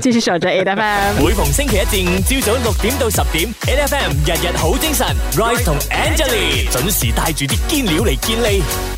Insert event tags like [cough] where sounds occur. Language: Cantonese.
支持上晉 A F M，每逢星期一至五朝早六點到十點 A [laughs] F M 日日好精神，Royce 同 Angeline 準時帶住啲堅料嚟見你。